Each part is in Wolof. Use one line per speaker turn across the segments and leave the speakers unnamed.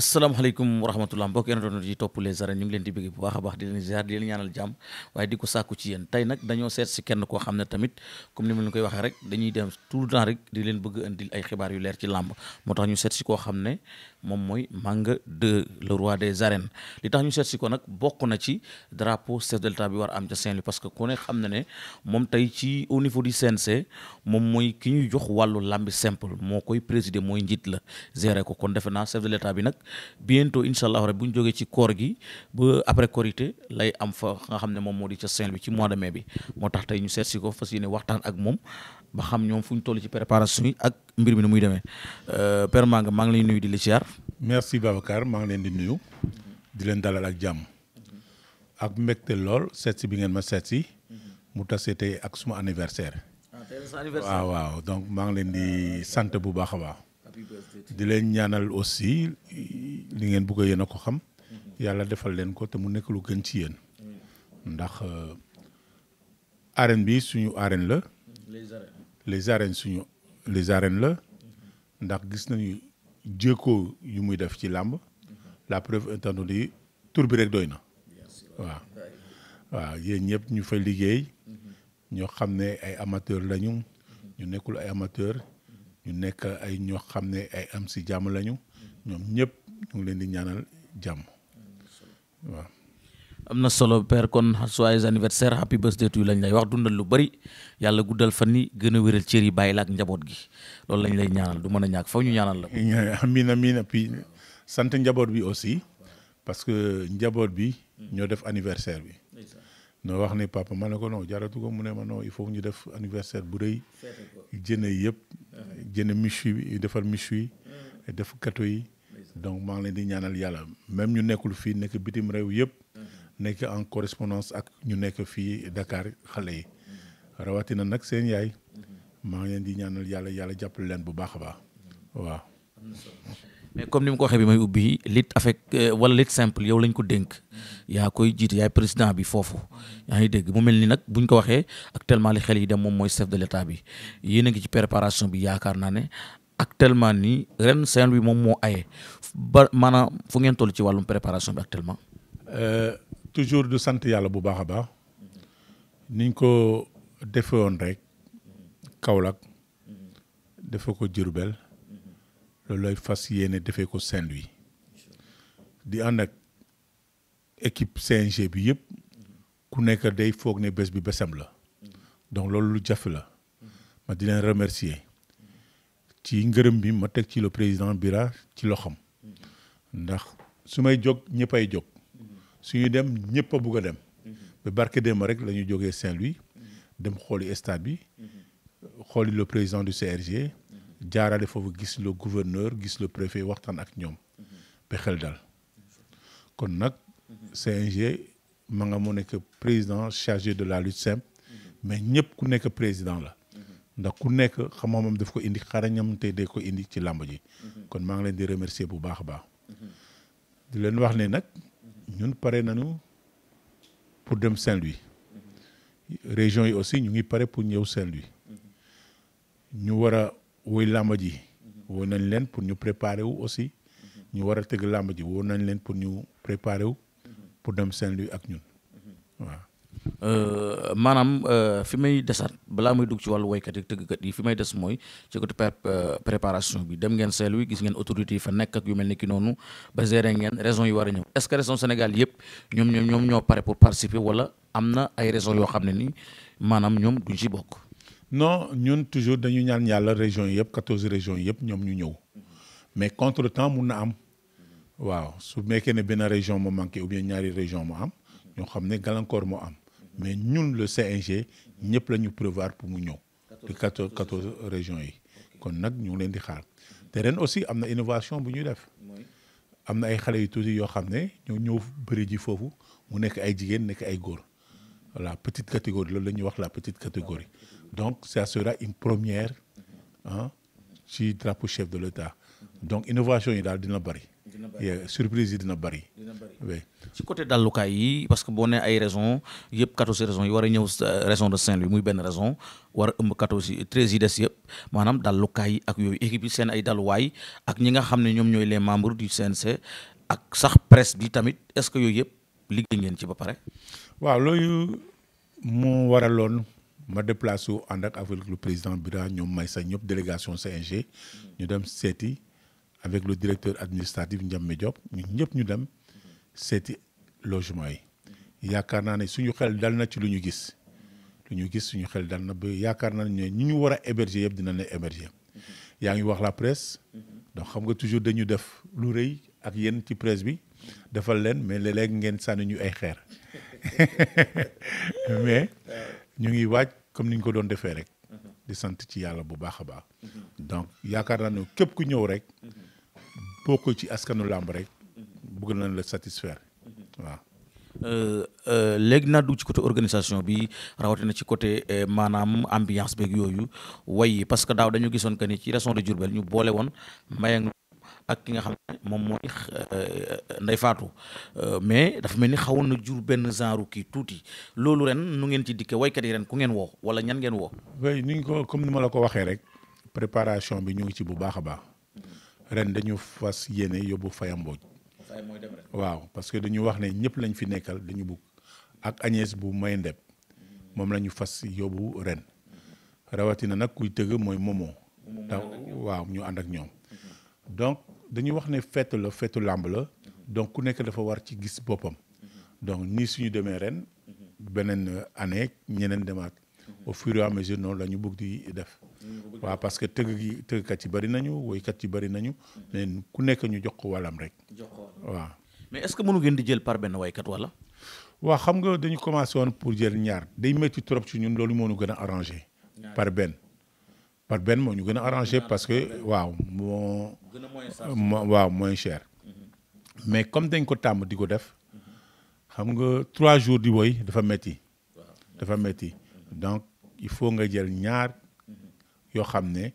asalaamaaleykum wa rahmatulah mbokk internet yi topp le arènes ñu ngi leen di bëgg bu a baax di leen ziar di leen ñaanal jàmm waaye di ko sàkku ci yéen tey nag dañoo seet si kenn koo xam ne tamit comme ni ma leen koy waxee rek dañuy dem tout le temps rek di leen bëgg indil ay xibaar yu leer ci làmb moo tax ñu seet koo xam ne moom mooy Manga 2 le roi des arènes li tax ñu seet ko nag bokk na ci drapeau chef de war am ca seen louis parce que ku ne xam na ne moom tey ci au niveau du CNC moom mooy ki ñuy jox wàllu làmbi simple moo koy présider mooy njiit la gérer ko kon defe naa chef de l'État bi nag bientôt incha allah rek bu ñu jógee ci koor gi ba après korité lay am fa nga xam ne moom moo di ca Saint bi ci mois de mai bi moo tax tey ñu seet si ko fas yéene waxtaan ak moom ba xam ñoom fu ñu toll ci préparation yi ak mbir mi ni muy demee euh, Père Manga
maa lay nuyu di la ziar. merci Babacar maa ngi leen di nuyu. di leen dalal ak jàmm. ak mbégte lool seet bi ngeen ma seet si. mu tase tey ak suma ah, anniversaire. waaw waaw donc maa ngi leen di sant bu baax a baax. di leen ñaanal aussi li ngeen bëgg yéen a ko xam yàlla defal leen ko te mu nekk lu gën ci yéen ndax euh, arène bi suñu arène la les arènes suñu les arènes la ndax gis nañu jéego yu muy def ci làmb la preuve étant donné tur bi rek doy na waaw waaw yéen ñëpp ñu fa liggéey ñoo xam ne ay amateur lañu ñu nekkul ay amateur ñu nekk ay ñoo xam ne ay am si jàmm lañu ñoom ñëpp ñu ngi leen di ñaanal jàmm waaw.
am na solo per kon joyeux anniversaire happy birthday to you lañ lay wax dundal lu bari yàlla
guddal fan ni gën a wéral cër yi bàyyi la ak njaboot gi loolu lañ lay ñaanal du mën a ñàkk faw ñu ñaanal la. amiin amiin puis sant njaboot bi aussi parce que njaboot bi ñoo def anniversaire bi. noo wax ne papa ma ne ko non jaratu ko mu ne ma non il faut ñu def anniversaire bu rëy jënd yëpp jënd michu yi defar michu yi def gâteau yi. donc maa ngi leen di ñaanal yàlla même ñu nekkul fii nekk bitim réew yëpp. Mm-hmm. nekk en correspondance ak ñu nekk fii dakaar xale yi. Mm-hmm. rawatina nag seen yaay. Mm-hmm. maa ngi leen di ñaanal yàlla yàlla jàppale leen bu baax a baax waaw.
mais comme ni mu ko waxee bi may ubbi lutte avec euh, wala lutte simple yow lañ ko dénk yaa koy jiite yaay président bi foofu yaa ngi dégg mu mel ni nag buñ ko waxee actuellement li xel yi dem moom mooy chef de l' bi yéen a ngi ci préparation bi yaakaar naa ne actuellement nii ren bi moom moo aye ba maanaam fu ngeen toll ci wàllum préparation bi actuellement.
Euh, toujours du sant yàlla bu baax a baax niñ ko defe woon rek Kaolack defe ko Diourbel loolu lay fas yéene defee ko Saint-Louis di ànd ak équipe CNG bi yëpp ku nekk day foog ne bés bi bésam la donc loolu lu jafe la ma di leen remercier ci ngërëm bi ma teg ci le président Bira ci loxam ndax su may jóg ñëppay jóg suñu dem ñëpp a bugg dem mhm. ba barke démb rek la ñu jógee Saint-Louis mhm. dem xooli stade bi mhm. xooli le président du CRG jaarale foofu gis le gouverneur gis le préfet waxtaan ak ñoom ba xel dal kon nag CNG ma nga moo nekk président chargé de la lutte simple mais ñëpp ku nekk président la ndax ku nekk xam-xamam daf ko indi ñam te de ko indi ci làmb ji kon maa ngi leen di remercier bu baax a baax di leen wax ne nag ñun pare nañu pour dem Saint-Louis région yi aussi ñu ngi pare pour ñëw Saint-Louis ñu war a woy làmba ji woo nañ leen pour ñu préparer wu aussi ñu war a tëgg làmba ji woo nañ leen pour ñu préparer wu pour dem Saint-Louis ak ñun
Euh, maanaam euh, fi may desaat balaa may dugg ci wàllu woykat yi tëggkat yi fi may des mooy ci côté euh, préparation bi dem ngeen Saint-Louis gis ngeen autorité yi fa nekk ak yu mel ni ki noonu ba gérer ngeen raison yi war a ñëw est-ce que raison Sénégal yëpp ñoom ñoom
ñoom ñoo pare pour participer am na ay raison yoo xam ne ni maanaam ñoom duñ ci bokk. non ñun toujours dañu ñaan yàlla régions yëpp quatorze régions yi yëpp ñoom ñu ñëw mais contre temps mun na am waaw su nekkee ne benn région moo manqué ou bien ñaari région moo am ñoo xam ne gàllankoor moo am. mais ñun le CNG ñëpp la ñu prévoir pour mu ñëw. de quatorze quatorze yi. kon nag ñu ngi leen di xaar tereen aussi am na innovation bu ñuy def. am na ay xale yu tuuti yoo xam ne ñoo ñëw bëri ji foofu mu nekk ay jigéen nekk ay góor voilà petite catégorie la la ñuy wax la petite catégorie donc ça sera une première ah ci drapeau chef de l'État donc innovation yi daal dina bari. surprise yi dina bari ci côté dallukaay
yi parce que boo nee ay raison yëpp quatorze raison yi war a ñëw raison de Saint-Louis muy benn raison war a ëmb quatorze treize yi des maanaam dallukaay yi ak yooyu équipe yi seen ay dalluwaay ak ñi nga xam ne ñoom ñooy les membres du CNC ak sax presse bi tamit est-ce que yooyu yëpp liggéey ngeen
ci ba pare waaw loolu moo waraloon ma déplacé wu ànd ak avec le président Bira ñoom may sa ñëpp délégation CNG ñu dem seeti avec le directeur administratif Ndiame Diop ñun ñëpp ñu dem seeti logement yi yaakaar naa ne suñu xel dal na ci lu ñu gis lu ñu gis suñu xel dal na ba yaakaar naa ne ñi ñu war a héberger yëpp dina ne héberger yaa ngi wax la presse donc xam nga toujours dañu def lu rëy ak yéen ci presse bi defal leen mais léeg-léeg ngeen sànni ay xeer mais ñu ngi waaj comme ni ñu ko doon defee rek di sant ci yàlla bu baax a baax donc yaakaar naa ne képp ku ñëw rek koo ko ci askanu làmb rek bëgg nañ la satisfaire waaw.
Euh, euh, léegi naa dugg ci côté organisation bi rawatina ci côté euh, maanaam ambiance beeg yooyu way parce que daaw dañu gisoon que ni ci région de Diourbel ñu boole woon Mbayang ak ki nga xam ne moom mooy Ndeye Fatou mais dafa mel ni xawoon na jur benn genre kii tuuti loolu ren nu ngeen ci dikkee waykat yi ren ku ngeen woo wala ñan ngeen woo.
oui ni ñu ko comme ni ma la ko waxee rek préparation bi ñu ngi ci bu baax a baax. ren dañu fas yéene yóbbu Faya Mbodj waaw parce que dañu wax ne ñëpp lañ fi nekkal dañu bugg ak Agnès bu may ndeb moom la ñu fas yóbbu ren rawatina nag kuy tëgg mooy momo ndax waaw ñu ànd ak ñoom mhm. donc dañu wax ne fête la feetu làmb la mhm. donc ku nekk dafa war ci gis boppam mhm. donc ni suñu demee ren beneen année ñeneen demaat au fur et à mesure noonu la ñu bëgg di def waaw parce que tëgg gi tëggkat yi bari nañu woykat yi bari nañu mais ku nekk ñu jox ko wàllam rek. jox ko waaw. mais est-ce que mënu ngeen di jël par benn woykat wala. waaw xam nga dañu commencé woon pour jël ñaar day métti trop ci ñun loolu moo ñu gën a arrangé. par benn par benn moo ñu gën a arrangé parce que waaw moo. waaw moins cher. Mhm. mais comme dañ ko tàmm di ko def. xam nga trois jours di woy dafa métti. dafa metti donc il faut nga jël ñaar. yoo xam ne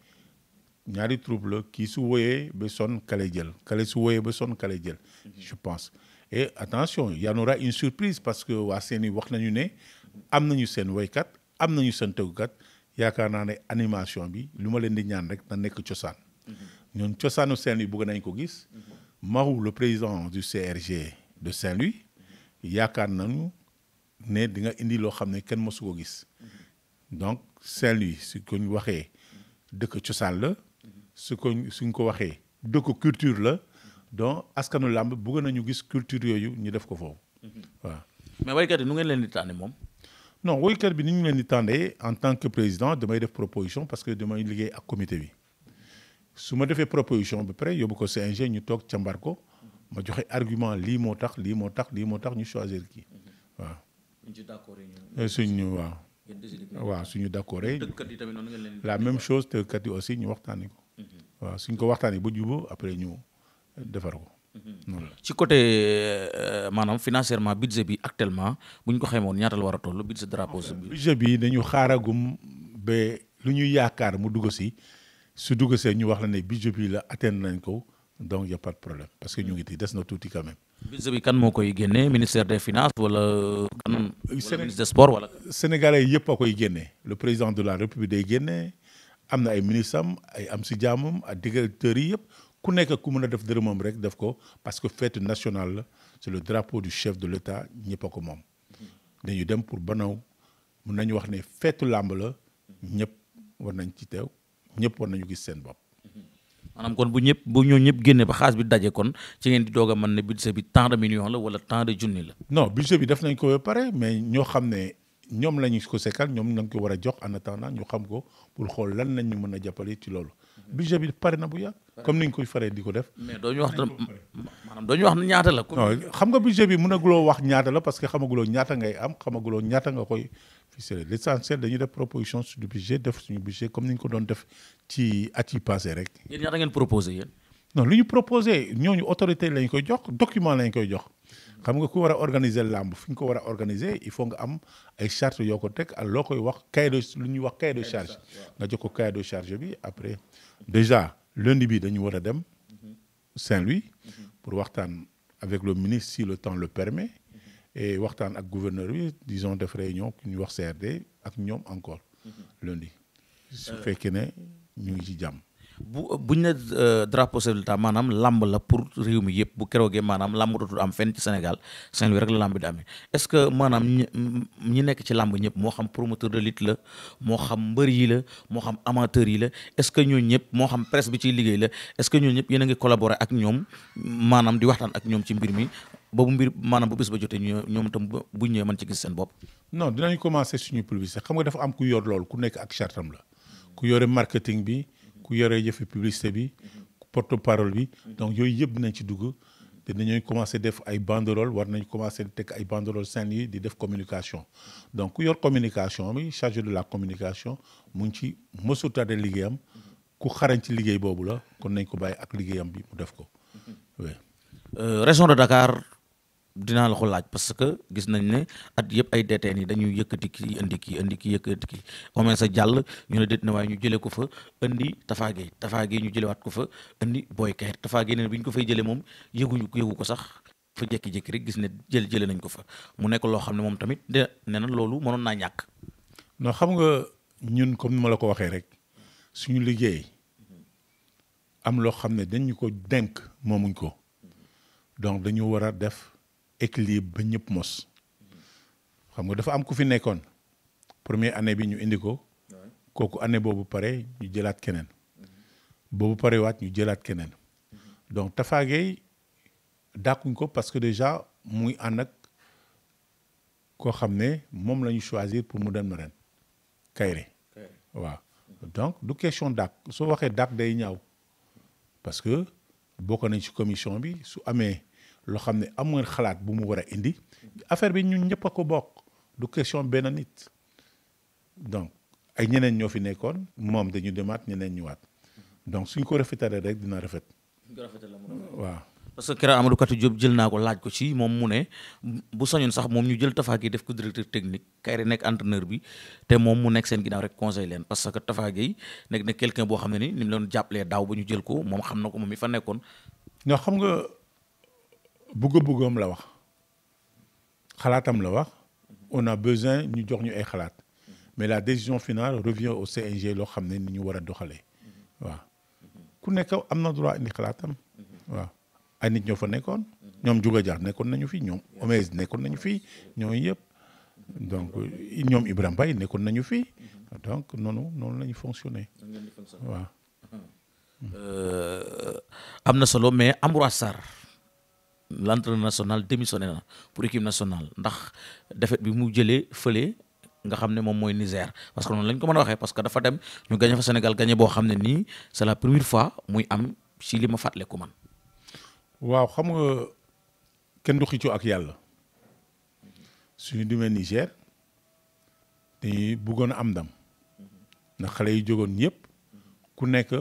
ñaari troupe kii su woyee ba sonn kale jël kale su woyee ba sonn kale jël mhm. je pense et attention y en aura une surprise parce que waa seen seeni wax nañu ne am nañu seen woykat am nañu seen tëggkat yaakaar naa ne animation bi lu ma leen di ñaan rek na nekk cosaan mhm. ñoon cosaanu seen louis bëgg nañ ko gis mhm. Marou le président du CRG de Saint-Louis yaakaar nañu ne di nga indi loo xam ne kenn mosu ko gis donc Saint-Louis si ko waxee dëkk cosaan la su ko suñ ko waxee dëkk culture la donc askanu làmb bëgg nañu gis culture yooyu ñu def ko foofu waa
mais waykat yi nu ngeen leen di tànne moom.
non waykat bi ni ñu leen di tànnee en tant que président damay def proposition parce que damay liggéey ak comité bi su ma defee proposition ba pare yóbbu ko CNG ñu toog càmbar ko ma joxe argument lii moo tax lii moo tax lii moo tax ñu choisir kii waaw.
ñu
ci waaw suñu d'accord la même chose tëggkat yi aussi ñu waxtaanee ko. Mhm. waaw suñ ko waxtaanee ba jubóo après ñu defar ko.
Mhm. ci côté euh, maanaam financièrement budget bi actuellement bu ñu ko xaymoon ñaata la war a toll budget drapeau bi.
budget bi dañu xaaragum ba lu ñuy yaakaar mu dugg si su dugg see ñu wax la ne budget bi la atteindre nañ ko. donc y' pas de problème parce que ñu ngi ti des na tuuti quand même. budget bi kan moo koy génne ministère des finances wala. kan ministre wala. sénégalais yëpp a koy génne le président de la république day génne am na ay ministres am ay am si jaamam ak directeurs yi yëpp ku nekk ku mën a def dërëmam rek def ko parce que fête nationale la c' le drapeau du chef de l' état ñëpp a ko moom. dañu dem pour banaw mun nañu wax ne feetu làmb la ñëpp war nañ ci teew ñëpp war nañu gis seen bopp.
maanaam kon bu ñëpp bu ñoo ñëpp génne ba xaalis bi daje kon ci ngeen di doog a mën ne bi tant de millions la wala tant de junni la.
non budget bi def nañ ko pare mais ñoo xam ne ñoom la ñu ko sekkal ñoom nañ ko war a jox en attendant ñu xam ko pour xool lan lañ ñu mën a jàppale ci loolu. budget bi pare na bu yàgg. comme ni ñu koy faree di ko def. mais doo ñu wax
maanaam doo ñu wax ñaata la. non
xam nga budget bi mën a guloo wax ñaata la parce que xamaguloo ñaata ngay am xamaguloo ñaata nga koy ficelé dañu de def proposition sur le budget def suñu budget comme ni ñu ko doon def ci at yi passé rek. yéen ñaata ngeen proposé yéen. non lu ñu proposé ñooñu autorité lañ koy jox document lañ koy jox xam nga ku war a organiser làmb fi ñu ko war a organiser il faut nga am ay charte yoo ko teg ak loo koy wax cahier de lu ñuy wax cahier de charge nga jox ko cahier de bi après déjà lundi bi dañu war a dem mhm. Saint-Louis mhm. pour waxtaan avec le ministre si le temps le permet et waxtaan ak gouverneur bi dison def réunion ku ñuy wax CRD ak ñoom encore. Mhm. lundi. su euh, fekkee ne ñu ngi ci jàmm. bu bu ñu ne euh, drapeau chef de l'État maanaam
lamb la pour réew mi yëpp bu keroogee maanaam lamb dootul am fen ci Sénégal Saint-Louis rek la lamb di amee est-ce que maanaam ñi nekk ci lamb ñëpp moo xam promoteur de lutte la moo xam mbër yi la moo xam amateur yi la est-ce que ñooñu ñëpp moo xam presse bi ci liggéey la est-ce que ñooñu ñëpp yéen a ngi ak ñoom maanaam di waxtaan ak ñoom ci mbir mi boobu mbir maanaam bu bis ba jotee ñu ñoom itam
bu ñëwee mën ci gis seen bopp. non dinañ commencé suñu publicité xam nga dafa am ku yor loolu ku nekk ak chartam la ku yore marketing bi ku yore yëfi publicité bi ku porte bi donc yooyu yëpp dinañ ci dugg te dañooy commencé def ay banderole war nañ commencé teg ay banderole seen yi di def communication donc ku yor communication bi chargé de la communication mu ngi ci mësutaate liggéeyam ku xarañ ci liggéey boobu la kon nañ ko bàyyi ak liggéeyam bi mu def ko euh, dinaa la ko laaj parce que gis
nañ ne at yëpp ay DTN yi dañuy yëkkati kii indi kii indi ki yëkkati ki Oumar Sène ñu ne déet na ñu jëlee ko fa indi Tafa Gueye Tafa Gueye ñu jëlewaat ko fa indi Boy Kayre Tafa ne bi ñu ko fay jëlee moom yëguñu ko yëgu ko sax fa jékki rek gis ne jël jëlee nañ ko fa mu
nekk loo xam ne moom tamit de nee na loolu mënoon naa ñàkk. noo xam nga ñun comme ni ma la ko waxee rek suñu liggéey am loo xam ne dañ ñu ko denk moomuñ ko donc dañu war a def. équilibre ba ñëpp mos. xam nga dafa am ku fi nekkoon premier année bi ñu indi ko. kooku année boobu pare ñu jëlaat keneen. boobu parewaat ñu jëlaat keneen. donc Tafa Gueye dàkkuñ ko parce que déjà muy ànd ak koo xam ne moom lañu choisir pour mu dem ren. Kayre waaw donc du question dàkk soo waxee dàkk day ñaaw parce que bokk nañ ci commission bi su amee. loo xam ne amoon xalaat bu mu war a indi affaire bi ñun ñëpp a ko bokk du question benn nit donc ay ñeneen ñoo fi nekkoon moom dañu demaat ñeneen ñëwaat donc suñ ko rafetalee rek dina rafet.
waaw. parce que keroog Amadou Katy Diop jël naa ko laaj ko ci moom mu ne bu sañoon sax moom ñu jël Tafa gi def ko directeur technique Kairé nekk entraîneur bi te moom mu nekk seen ginnaaw rek conseil leen parce que Tafa Gueye nekk na quelqu'un boo xam ne ni ni mu jàppalee daaw ba ñu jël moom xam na ko moom mi fa nekkoon.
bëgg-bëggam la wax xalaatam la wax on a besoin ñu jox ñu ay xalaat mais la décision finale revient au CNG loo xam ne ni ñu war a doxalee waaw ku nekk am na droit indi xalaatam waaw ay nit nekkoon ñoom Juga Jaar nekkoon nañu fi ñoom Omez nekkoon nañu fi ñoom yëpp donc ñoom Ibrahima Baye nekkoon nañu fi donc noonu noonu la ñu fonctionné waaw.
Euh, am na solo mais Ambroise Sarr l'entraîneur national démissionné na pour équipe nationale ndax défaite bi mu jëlee fële nga xam ne moom mooy Niger parce que noonu lañ ko mën a waxee parce que dafa dem ñu gagné fa Sénégal gagné boo xam ne nii c'est la première fois muy am si li ma fàttaliku man.
waaw xam nga kenn du xiccu ak yàlla suñu demee Niger dañuy bëggoon am ndam ndax xale yi jógoon ñëpp ku nekk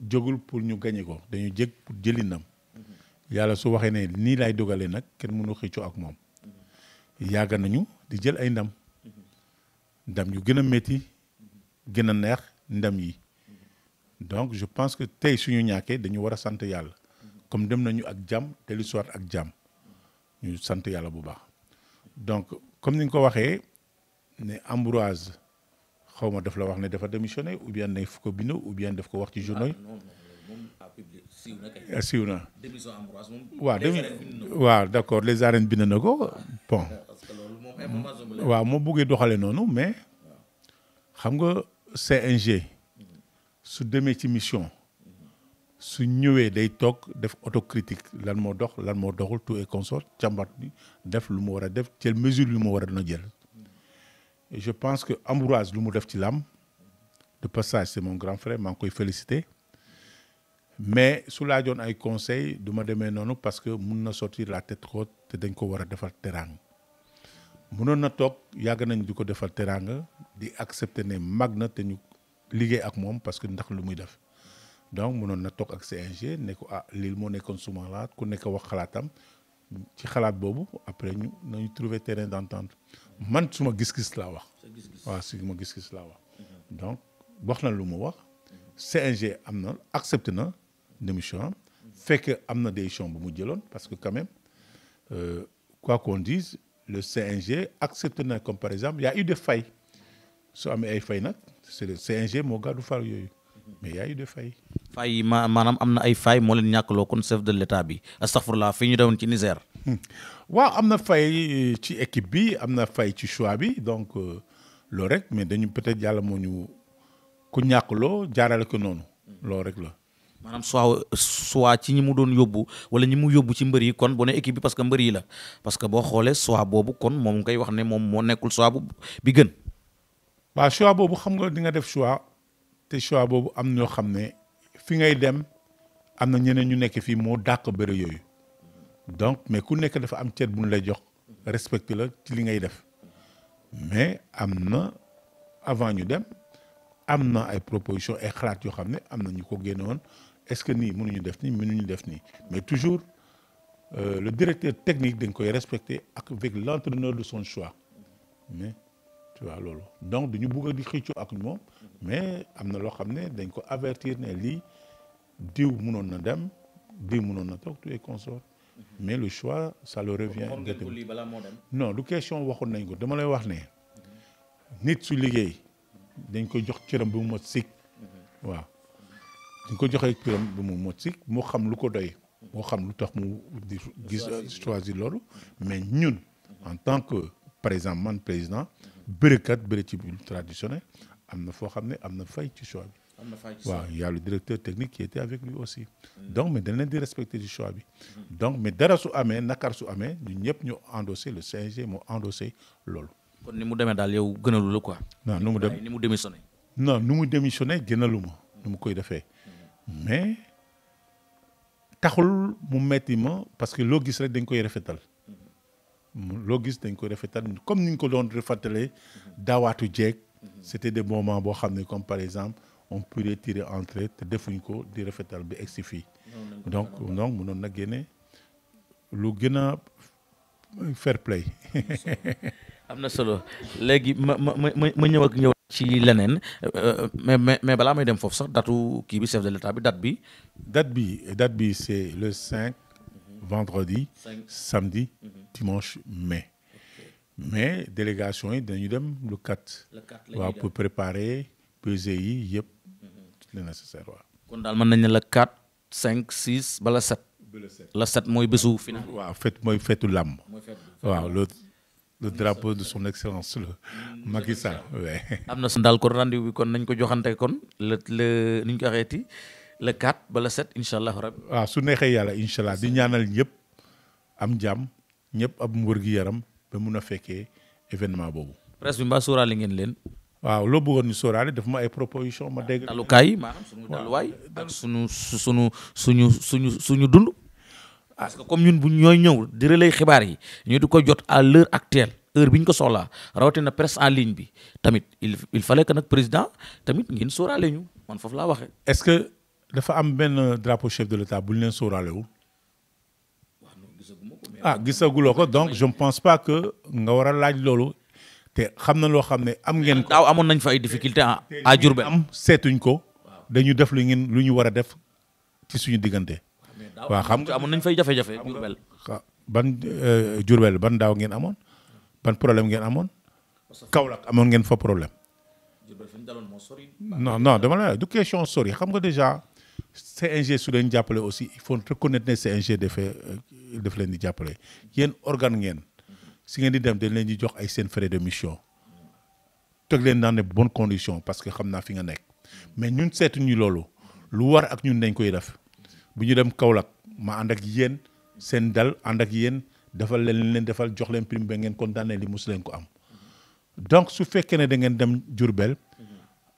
jógul pour ñu gagné ko dañu jëg pour jëli ndam yàlla su waxee ne nii lay dogalee nag kenn mënu xëccoo ak moom yàgg nañu di jël ay ndam ndam yu gën a métti gën a neex ndam yi donc je pense que tey suñu ñàkkee dañu war a sant yàlla comme dem nañu ak jàmm te lu ak jàmm ñu sant yàlla bu baax donc comme ni nga ko waxee ne Ambroise xaw ma daf la wax ne dafa démissionné ou bien ne fu ko ou bien daf ko wax ci journaux siiw na
eh, waaw
waaw d' accord les arènes bind na ko bon
eh, waaw
moo buggee doxalee noonu mais xam nga CNG su demee ci mission su ñëwee day toog def autocritique lan moo dox lan moo doxul tout et consort càmbat def lu mu war a def jël mesure lu mu war a doon jël je pense que Ambroise lu mu def ci làmb de passage c'est mon grand frère maa koy félicité mais su laajoon ay conseil du ma demee noonu parce que mun na sortir la tête haute te dañ ko war a defal teraanga mënoon na toog yàgg nañ du ko defal teraanga di accepter ne mag na te ñu liggéey ak moom parce que ndax lu muy def donc munoon na toog ak CNG ne ko ah lii moo nekkoon suma xalaat ku nekk wax xalaatam ci xalaat boobu après ñu nañu trouver terrain d'entente man suma gis-gis laa wax waaw ma gis-gis laa wax donc wax na lu mu wax CNG am na accepté na démission fekk am na décision bu mu jëloon parce que quand même euh, quoi qu'on dise le CNG accepte na comme par exemple y a eu des failles su amee ay fay nag c'est le CNG moo gàddu far yooyu mais y a eu des failles.
failles ma maanaam am na ay fay moo leen ñàkkaloo kon chef de l'état bi astafurlah fi ñu doon ci Niger.
Hmm. waaw am na fay ci équipe bi am na fay ci choix bi donc euh, loolu rek mais dañu peut-être yàlla moo ñu ku ñàkkaloo jaarale ko noonu. Hmm. loolu rek la. maanaam soit soit ci ñi mu
doon yóbbu wala ñi mu yóbbu ci mbër yi kon bu ne équipe parce que mbër yi la parce que boo xoolee soit boobu kon
moom ngay wax ne moom moo nekkul soit bu bi gën. waaw choix boobu xam nga di nga def choix te choix boobu am ñoo xam ne fi ngay dem am na ñeneen ñu nekk fii moo dàq bëre yooyu donc mais ku nekk dafa am cër bu lay jox respecté la ci li ngay def mais am na avant ñu dem am na ay proposition ay xalaat yoo xam ne am na ñu ko génnewoon est-ce que nii mënuñu def nii ñu def nii mais toujours euh, le directeur technique dañ koy respecter ak avec l'entraîneur de son choix mais tu vois loolu donc a di xëccoo ak mais am na loo xam ne dañ ko avertir ne lii diw mënoon na dem diw mënoon na toog tu es consort mais le choix ça le revient. non du question waxoon nañ ko dama lay wax ne. nit su liggéey dañ ko jox cëram bu mu mot sikk mhm. ñu ko joxee piram bu mu mot si moo xam lu ko doy moo xam lu tax mu di gis choisir loolu mais ñun en tant que par exemple man président bërikat bëri ci traditionnel am na foo xam ne am na fay ci choix bi waaw y a le directeur technique qui était avec lui aussi mm. donc mais dañ leen di respecter ci choix bi mm-hmm. donc mais dara su amee nakar su amee ñu ñëpp ñu endossé le CNG mu endossé loolu
kon ni mu demee daal yow gënalu la quoi
non nu mu dem ni mu démissionné non nu mu démissionné gënalu ma nu mu koy defee mais taxul mu metti ma parce que loo gis rek dañ koy rafetal loo gis dañ koy rafetal comme ni ñu ko doon rafetalee daawaatu jeeg c'était des moment boo xam ne comme par exemple on pourrait tirer entrée te defuñ ko di rafetal bi egsi fii donc donc mënoon na génne lu gën a fair play
am na solo léegi ma ma ma ma
ñëw ak ñëw ci leneen mais euh, euh, mais mais balaa may dem foofu sax datu kii bi chef de l'état bi date bi. date bi date bi c'est le 5 mhm. vendredi. 5 samedi mhm. dimanche mai. mais délégation yi dañu dem le 4. le 4 la ñuy dem waaw pour préparer pesées yi yëpp. Mhm. le nécessaire waaw. kon daal mën nañu ne le 4 5 6 ba le 7. ba le 7 le 7 mooy bésu final. waaw fête mooy fêtu làmb.
waaw loolu. le drapeau de son excellence le Macky Sall am na ko joxante kon le le ni ñu ko waxeeti le ba le 7 incha allah rabbi
waaw su neexee yàlla incha allah di ñaanal ñëpp am jàmm ñëpp ab wër gi yaram ba mun a fekkee événement boobu. presse bi mbaa sóoraale ngeen leen. waaw loo bëggoon ñu sóoraale daf ma ay proposition ma dégg. dalukaay maanaam suñu daluwaay. ak suñu
suñu suñu suñu suñu dund. parce que comme ñun bu ñooy ñëw di relay xibaar yi ñu di ko jot à l'heure actuelle heure bi ñu ko soxlaa rawatina presse en ligne bi tamit il il fallait que nag président tamit ngeen sóoraale ñu man foofu laa waxee.
ce que dafa am benn drapeau chef de l'État bu ñu leen ah gisaguloo ko donc je ne pense pas que nga war a laaj loolu te xam na loo xam ne am ngeen ko. daaw amoon nañ fa ay difficultés à à Diourbel am seetuñ ko dañu def lu ngeen lu ñu war a def ci suñu diggante. waaw xam
nga amoon nañ fay jafe-jafe Diourbel
ban Diourbel euh, ban daaw ngeen amoon ban problème ngeen amoon Kaolack amoon ngeen fa problème non non dama la du question sori xam nga déjà CNG su leen jàppale aussi il faut reconnaître ne CNG def euh, daf leen di jàppale yéen organe ngeen si ngeen di dem dañ leen di jox ay seen frais de mission teg leen dans de bonnes condition parce que xam naa fi nga nekk mais ñun seetuñu loolu lu war ak ñun dañ koy def bu ñu dem Kaolack ma ànd ak yéen seen dal ànd ak yéen defal leen leen defal jox leen prime ba ngeen kontaanee li mos leen ko am donc su fekkee ne da ngeen dem Diourbel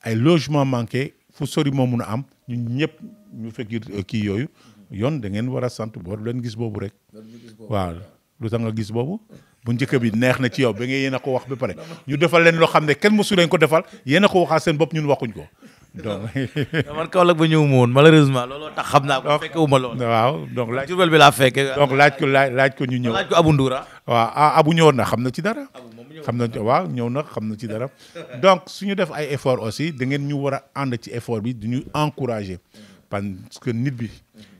ay logement manqué fu sori moo mun a am ñu ñëpp ñu fekk euh, kii yooyu yoon da ngeen war a sant bor leen gis boobu rek waaw lu tax nga gis boobu bu njëkk bi neex na ci yow ba nga yéen ko wax ba pare ñu defal leen loo xam ne kenn mosu leen ko defal yéen a ko waxaa seen bopp ñun waxuñ ko donc man Kaolack ba ñëwuma woon malheureusement looloo xam naa ko fekkewuma lool. waaw donc laaj Jurbel bi laa fekke laaj ko laaj laaj ñu ñëw laaj ko Abu Ndoura ah. ah, Abu ñëwoon na xam na ci dara xam na waaw ñëw na xam na ci dara donc suñu def ay effort aussi da ngeen ñu war a ànd ci effort bi du ñu encourager parce que nit bi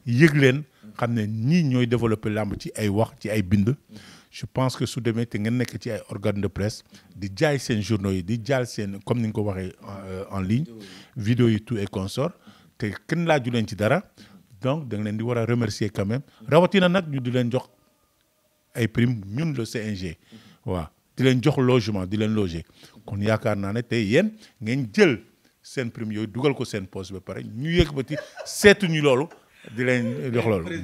yëg leen xam ne nii ñooy développer làmb ci ay wax ci ay bind je pense que su demee te ngeen nekk ci ay organes de presse di jaay seen journaux yi di jaay seen comme ni nga ko waxee euh, en ligne video yi tu et consort te kenn laaju leen ci dara donc da nga leen di war a remercier quand même rawatina nag di leen jox ay prime ñun le CNG waaw di leen jox logement di leen loger kon yaakaar naa ne tey yéen ngeen jël seen prime yooyu dugal ko seen poste ba pare ñu yëg ba seetu ñu loolu di leen jox loolu.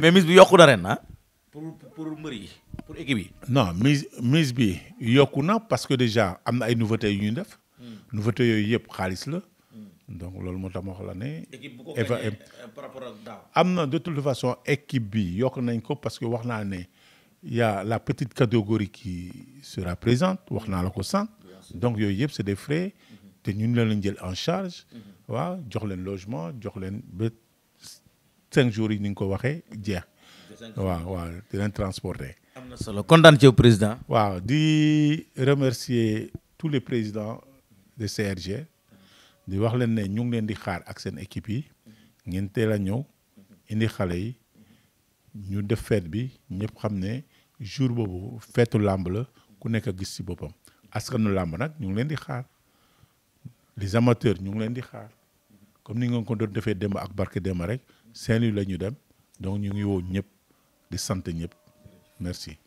mais bi yokku na ren ah.
pour pour mbër yi
pour équipe yi. non mise mise bi yokku na parce que déjà am na ay nouveautés yu ñuy def. Hmm. nouveauté yooyu yëpp xaalis la. Hmm. donc loolu moo tax wax la ne. équipe bu euh, am na de toute façon équipe bi yokk nañ ko parce que wax naa ne y a la petite catégorie qui sera présente wax naa la ko sànq. donc yooyu yëpp c'est des frais. Hmm. te ñun la leen jël en charge. waaw jox leen logement jox leen ba cinq jours yi ni nga ko waxee jeex. waaw waaw di leen transporter. am na solo kontaan ci président. waaw di remercier tous les présidents de CRG. di wax leen ne ñu ngi leen di xaar ak seen équipe yi. ngeen teel a ñëw indi xale yi ñu def fête bi ñëpp xam ne jour boobu feetu làmb la ku nekk a gis ci boppam nu làmb nag ñu ngi leen di xaar les amateurs ñu ngi leen di xaar comme ni nga ko doon defee demb ak barke démb rek Saint-Louis la ñu dem donc ñu ngi woo ñëpp. di sant ñëpp merci.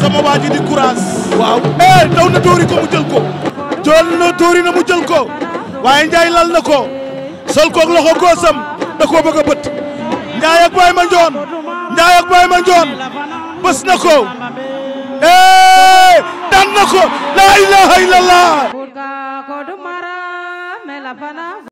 sama waa ji di courage. waaw eh daw na tóori ko mu jël ko. jël na tóori na mu jël ko. waaye Ndiaye lal na ko. sol koog loxo góosam da koo bëgg bët. Ndiaye ak Baye Mandione. Ndiaye ak Baye Mandione. bës na ko. eh.
daan na ko la ilaha illallah